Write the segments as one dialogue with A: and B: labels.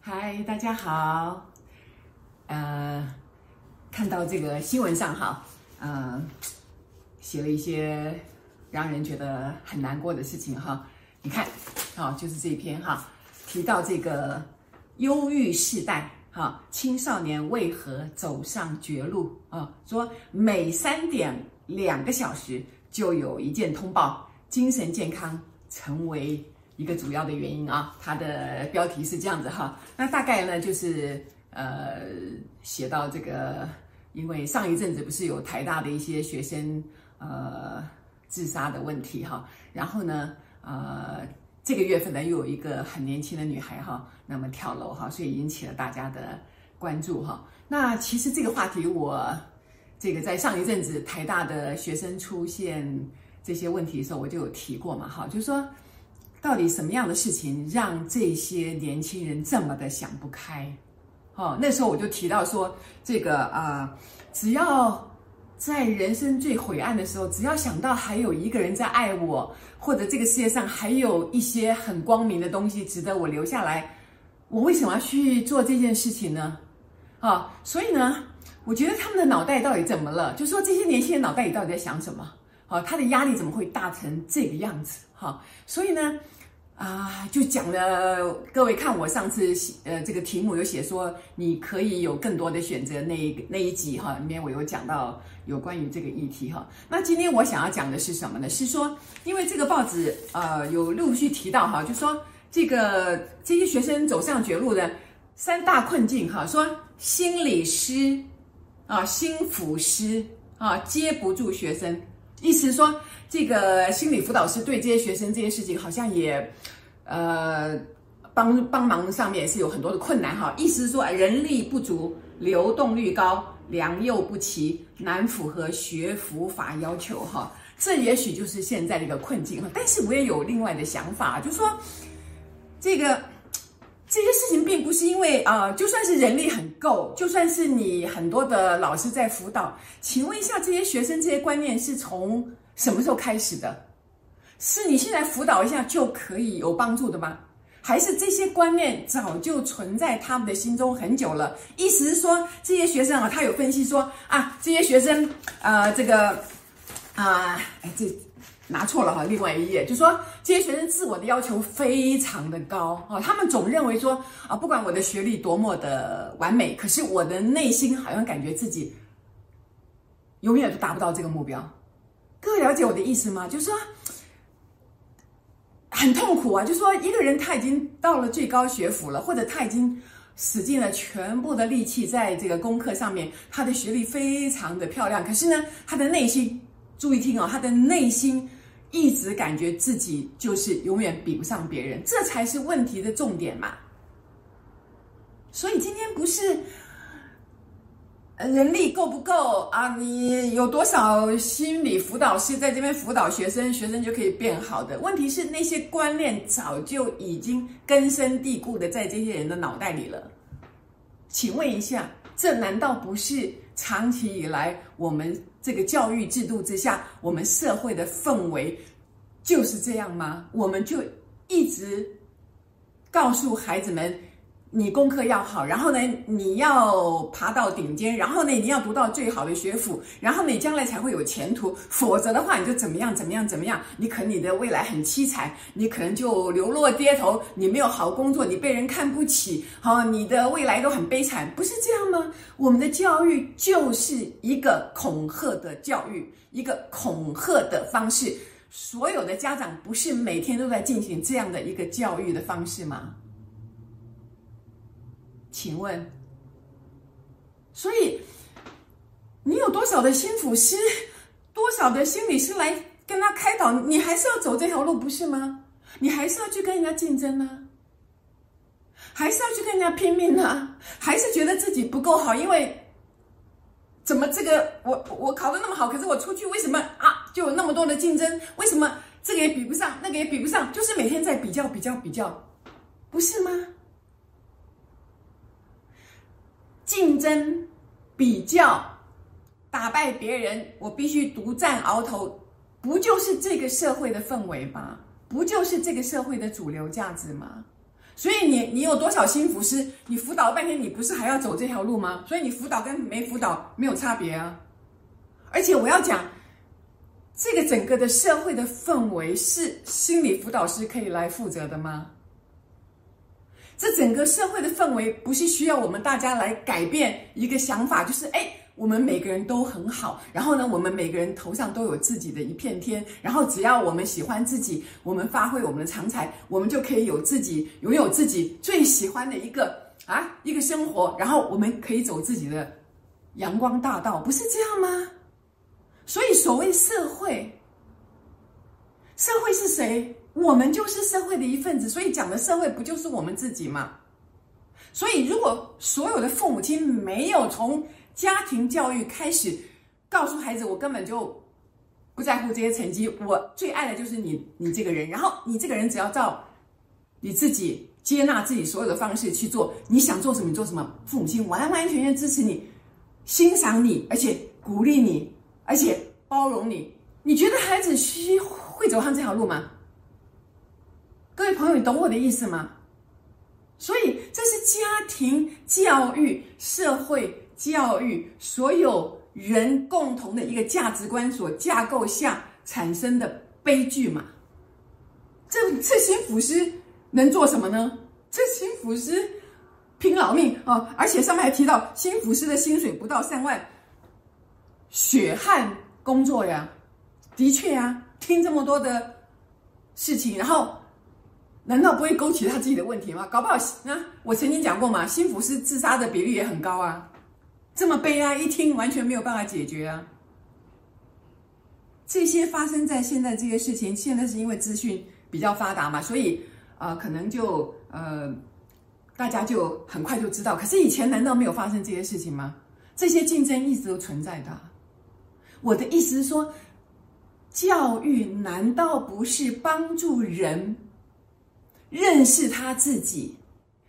A: 嗨，大家好。呃，看到這個新聞上哈，呃，寫了一些讓人覺得很難過的事情哈。你看，啊，就是這一篇哈，提到這個憂鬱世代哈，青少年為何走上絕路啊？說每三點。兩個小時就有一件通報，精神健康成為一個主要的原因啊。它的標題是這樣子哈，那大概呢就是呃寫到這個，因為上一陣子不是有台大的一些學生呃自殺的問題哈，然後呢呃這個月份呢又有一個很年輕的女孩哈，那麼跳樓哈，所以引起了大家的關注哈。那其實這個話題我。這個在上一陣子台大的學生出現這些問題的時候，我就有提過嘛，哈，就是說到底什麼樣的事情讓這些年輕人這麼的想不開？哈，那時候我就提到說，這個啊、呃，只要在人生最灰暗的時候，只要想到還有一個人在愛我，或者這個世界上還有一些很光明的東西值得我留下來，我為什麼要去做這件事情呢？啊，所以呢。我覺得他們的腦袋到底怎麼了？就說，這些年輕人腦袋裡到底在想什麼？啊、哦，他的壓力怎麼會大成這個樣子？哈、哦，所以呢，啊、呃，就講了，各位看我上次呃這個題目有寫說你可以有更多的選擇，那一那一集哈、哦裡面，我有講到有關於這個議題哈、哦。那今天我想要講的是什麼呢？是說因為這個報紙呃有陸續提到哈、哦，就說這個這些學生走上絕路的三大困境哈、哦，說心理師。啊，心輔師啊，接不住學生，意思說，這個心理輔導師對這些學生這些事情，好像也，呃，幫幫忙上面也是有很多的困難哈。意思是說，人力不足，流動率高，良莠不齊，難符合學輔法要求哈。這也許就是現在的一個困境哈。但是我也有另外的想法，就是說，這個。這些事情並不是因為啊、呃，就算是人力很夠，就算是你很多的老師在輔導。請問一下，這些學生這些觀念是從什麼時候開始的？是你現在輔導一下就可以有幫助的嗎？還是這些觀念早就存在他們的心中很久了？意思是說，這些學生啊，他有分析說啊，這些學生、呃這個、啊，這個啊，這。拿錯了哈，另外一頁就說這些學生自我的要求非常的高哈，哦，他們總認為說啊，不管我的學歷多麼的完美，可是我的內心好像感覺自己永遠都達不到這個目標。各位了解我的意思嗎？就是說很痛苦啊，就說一個人他已經到了最高學府了，或者他已經使盡了全部的力氣在這個功課上面，他的學歷非常的漂亮，可是呢，他的內心，注意聽哦，他的內心。一直感覺自己就是永遠比不上別人，這才是問題的重點嘛。所以今天不是人力夠不夠啊？你有多少心理輔導師在這邊輔導學生，學生就可以變好的。問題是那些觀念早就已經根深蒂固的在這些人的腦袋裡了。請問一下，這難道不是？長期以來，我們這個教育制度之下，我們社會的氛圍就是這樣嗎？我們就一直告訴孩子們，你功課要好，然後呢，你要爬到頂尖，然後呢，你要讀到最好的學府，然後呢，你將來才會有前途。否則的話，你就怎麼樣怎麼樣怎麼樣，你可能你的未來很淒慘，你可能就流落街頭，你沒有好工作，你被人看不起，好，哦，你的未來都很悲慘，不是這樣嗎？我們的教育就是一個恐嚇的教育，一個恐嚇的方式。所有的家長不是每天都在進行這樣的一個教育的方式嗎？請問，所以你有多少的心輔師，多少的心理師來跟他開導？你還是要走這條路，不是嗎？你還是要去跟人家競爭呢、啊，還是要去跟人家拼命呢、啊？還是覺得自己不夠好？因為怎麼這個我我考的那麼好，可是我出去為什麼啊就有那麼多的競爭？為什麼這個也比不上，那個也比不上？就是每天在比較比較比較，不是嗎？競爭、比較、打敗別人，我必須獨占鰲頭，不就是這個社會的氛圍嗎？不就是這個社會的主流價值嗎？所以你，你有多少心輔師？你輔導了半天，你不是還要走這條路嗎？所以你輔導跟沒輔導沒有差別啊！而且我要講，這個整個的社會的氛圍是心理輔導師可以來負責的嗎？這整個社會的氛圍不是需要我們大家來改變一個想法，就是誒、哎，我們每個人都很好，然後呢，我們每個人頭上都有自己的一片天，然後只要我們喜歡自己，我們發揮我們的長才，我們就可以有自己擁有自己最喜歡的一個啊一個生活，然後我們可以走自己的陽光大道，不是這樣嗎？所以，所謂社會，社會是誰？我們就是社會的一份子，所以講的社會不就是我們自己嗎？所以，如果所有的父母親沒有從家庭教育開始，告訴孩子，我根本就不在乎這些成績，我最愛的就是你，你這個人。然後，你這個人只要照你自己接納自己所有的方式去做，你想做什麼你做什麼，父母親完完全全支持你，欣賞你，而且鼓勵你，而且包容你，你覺得孩子需會走上這條路嗎？各位朋友，你懂我的意思嗎？所以這是家庭教育、社會教育所有人共同的一個價值觀所架構下產生的悲劇嘛？這這心輔師能做什麼呢？這心輔師拼老命啊！而且上面還提到，心輔師的薪水不到三萬，血汗工作呀。的確啊，聽這麼多的事情，然後。難道不會勾起他自己的問題嗎？搞不好，那、啊、我曾經講過嘛，心輔師自殺的比例也很高啊，這麼悲哀，一聽完全沒有辦法解決啊。這些發生在現在這些事情，現在是因為資訊比較發達嘛，所以啊、呃，可能就呃，大家就很快就知道。可是以前難道沒有發生這些事情嗎？這些競爭一直都存在的、啊。我的意思是說，教育難道不是幫助人？認識他自己，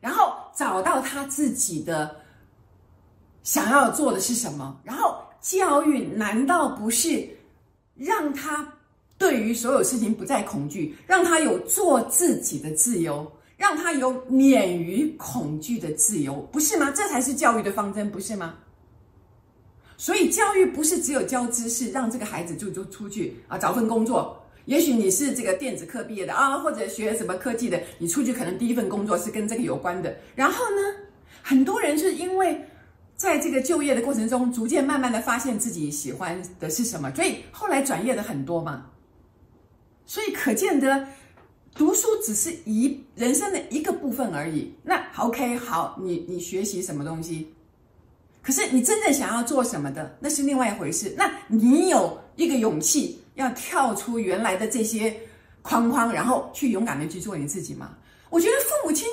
A: 然後找到他自己的想要做的是什麼。然後教育難道不是讓他對於所有事情不再恐懼，讓他有做自己的自由，讓他有免於恐懼的自由，不是嗎？這才是教育的方針，不是嗎？所以教育不是只有教知識，讓這個孩子就就出去啊，找份工作。也許你是這個電子科畢業的啊，或者學什麼科技的，你出去可能第一份工作是跟這個有關的。然後呢，很多人是因為在這個就業的過程中，逐漸慢慢的發現自己喜歡的是什麼，所以後來轉業的很多嘛。所以可見得讀書只是一人生的一個部分而已。那 OK，好，你你學習什麼東西？可是你真正想要做什麼的，那是另外一回事。那你有一個勇氣。要跳出原來的這些框框，然後去勇敢的去做你自己嗎？我覺得父母親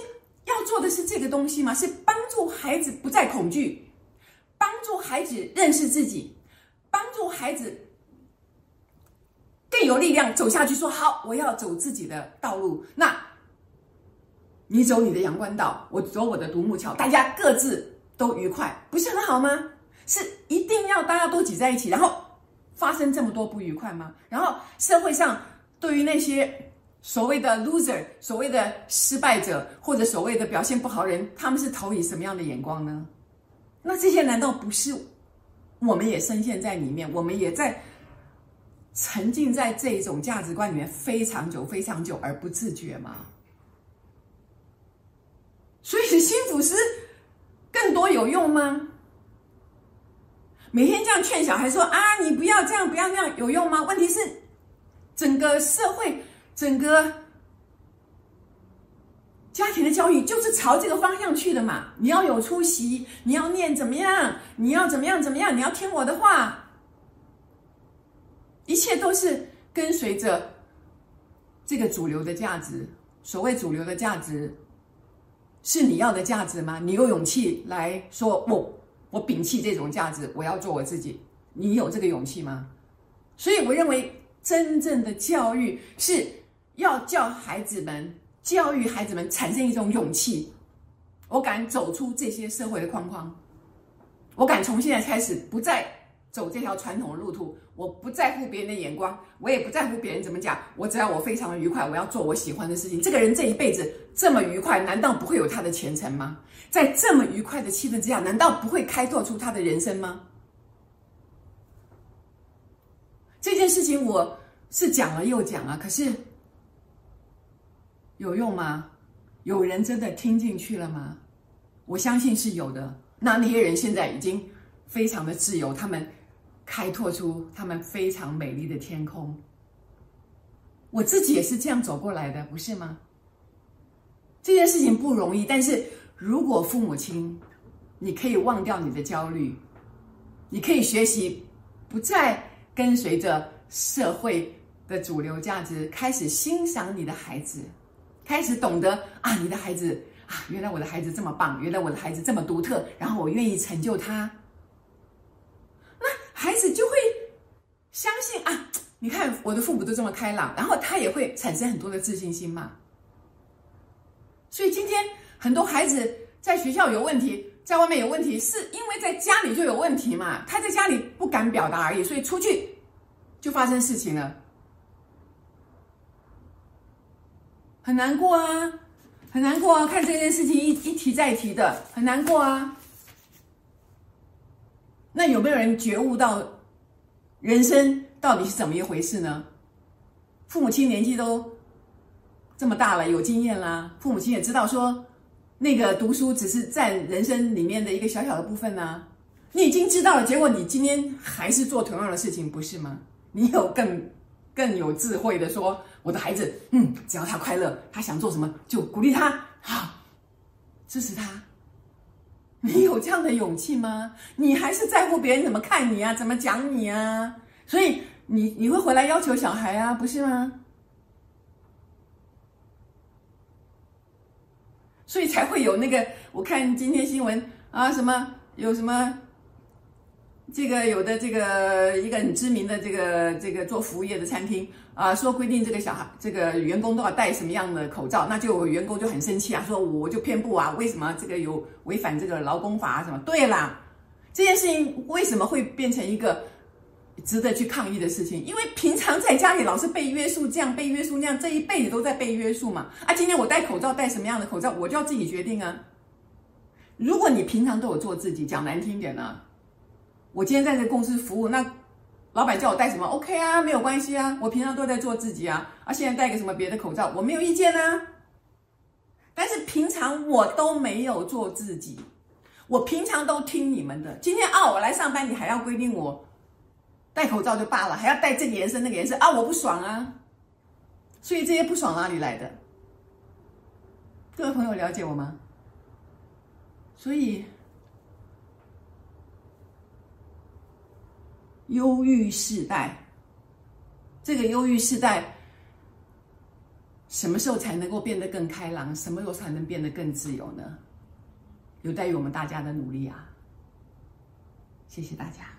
A: 要做的是這個東西嗎？是幫助孩子不再恐懼，幫助孩子認識自己，幫助孩子更有力量走下去說，說好，我要走自己的道路。那你走你的陽關道，我走我的獨木橋，大家各自都愉快，不是很好嗎？是一定要大家都擠在一起，然後，發生這麼多不愉快嗎？然後社會上對於那些所謂的 loser，所謂的失敗者，或者所謂的表現不好的人，他們是投以什麼樣的眼光呢？那這些難道不是我們也深陷在裡面，我們也在沉浸在這種價值觀裡面非常久、非常久而不自覺嗎？所以幸福是更多有用嗎？每天這樣勸小孩說：“啊，你不要這樣，不要那樣，有用嗎？”問題是，整個社會、整個家庭的教育就是朝這個方向去的嘛？你要有出息，你要念怎麼樣，你要怎麼樣怎麼樣，你要聽我的話，一切都是跟隨着這個主流的價值。所謂主流的價值，是你要的價值嗎？你有勇氣來說不？哦，我摒棄這種價值，我要做我自己。你有這個勇氣嗎？所以我認為，真正的教育是要教孩子們，教育孩子們產生一種勇氣。我敢走出這些社會的框框，我敢從現在開始不再。走這條傳統的路途，我不在乎別人的眼光，我也不在乎別人怎麼講。我只要我非常的愉快，我要做我喜歡的事情。這個人這一輩子這麼愉快，難道不會有他的前程嗎？在這麼愉快的氣氛之下，難道不會開拓出他的人生嗎？這件事情我是講了又講啊，可是有用嗎？有人真的聽進去了嗎？我相信是有的。那那些人現在已經非常的自由，他們。開拓出他們非常美麗的天空。我自己也是這樣走過來的，不是嗎？這件事情不容易，但是如果父母親，你可以忘掉你的焦慮，你可以學習不再跟隨着社會的主流價值，開始欣賞你的孩子，開始懂得啊，你的孩子啊，原來我的孩子這麼棒，原來我的孩子這麼獨特，然後我願意成就他。相信啊，你看我的父母都這麼開朗，然後他也會產生很多的自信心嘛。所以今天很多孩子在學校有問題，在外面有問題，是因為在家裡就有問題嘛，他在家裡不敢表達而已，所以出去就發生事情了，很難過啊，很難過啊，看這件事情一一提再提的，很難過啊。那有沒有人覺悟到？人生到底是怎麼一回事呢？父母親年紀都這麼大了，有經驗啦。父母親也知道說，那個讀書只是佔人生裡面的一個小小的部分吶、啊。你已經知道了，結果你今天還是做同樣的事情，不是嗎？你有更更有智慧的說，我的孩子，嗯，只要他快樂，他想做什麼就鼓勵他，好、啊，支持他。你有這樣的勇氣嗎？你還是在乎別人怎麼看你啊，怎麼講你啊？所以你你會回來要求小孩啊，不是嗎？所以才會有那個，我看今天新聞啊，什麼有什麼。這個有的這個一個很知名的這個這個做服務業的餐廳啊，說規定這個小孩這個員工都要戴什麼樣的口罩，那就員工就很生氣啊，說我就偏不啊，為什麼這個有違反這個勞工法啊什麼？對啦。這件事情為什麼會變成一個值得去抗議的事情？因為平常在家裡老是被約束這樣被約束那樣，這一輩子都在被約束嘛啊，今天我戴口罩戴什麼樣的口罩我就要自己決定啊。如果你平常都有做自己，講難聽點呢、啊？我今天在這個公司服務，那老闆叫我戴什麼？OK 啊，沒有關係啊。我平常都在做自己啊，啊，現在戴個什麼別的口罩，我沒有意見啊。但是平常我都沒有做自己，我平常都聽你們的。今天啊，我來上班，你還要規定我戴口罩就罷了，還要戴這個顏色，那個顏色啊，我不爽啊。所以這些不爽哪裡來的？各位朋友了解我嗎？所以。憂鬱世代，這個憂鬱世代，什麼時候才能夠變得更開朗，什麼時候才能變得更自由呢？有待於我們大家的努力啊。謝謝大家。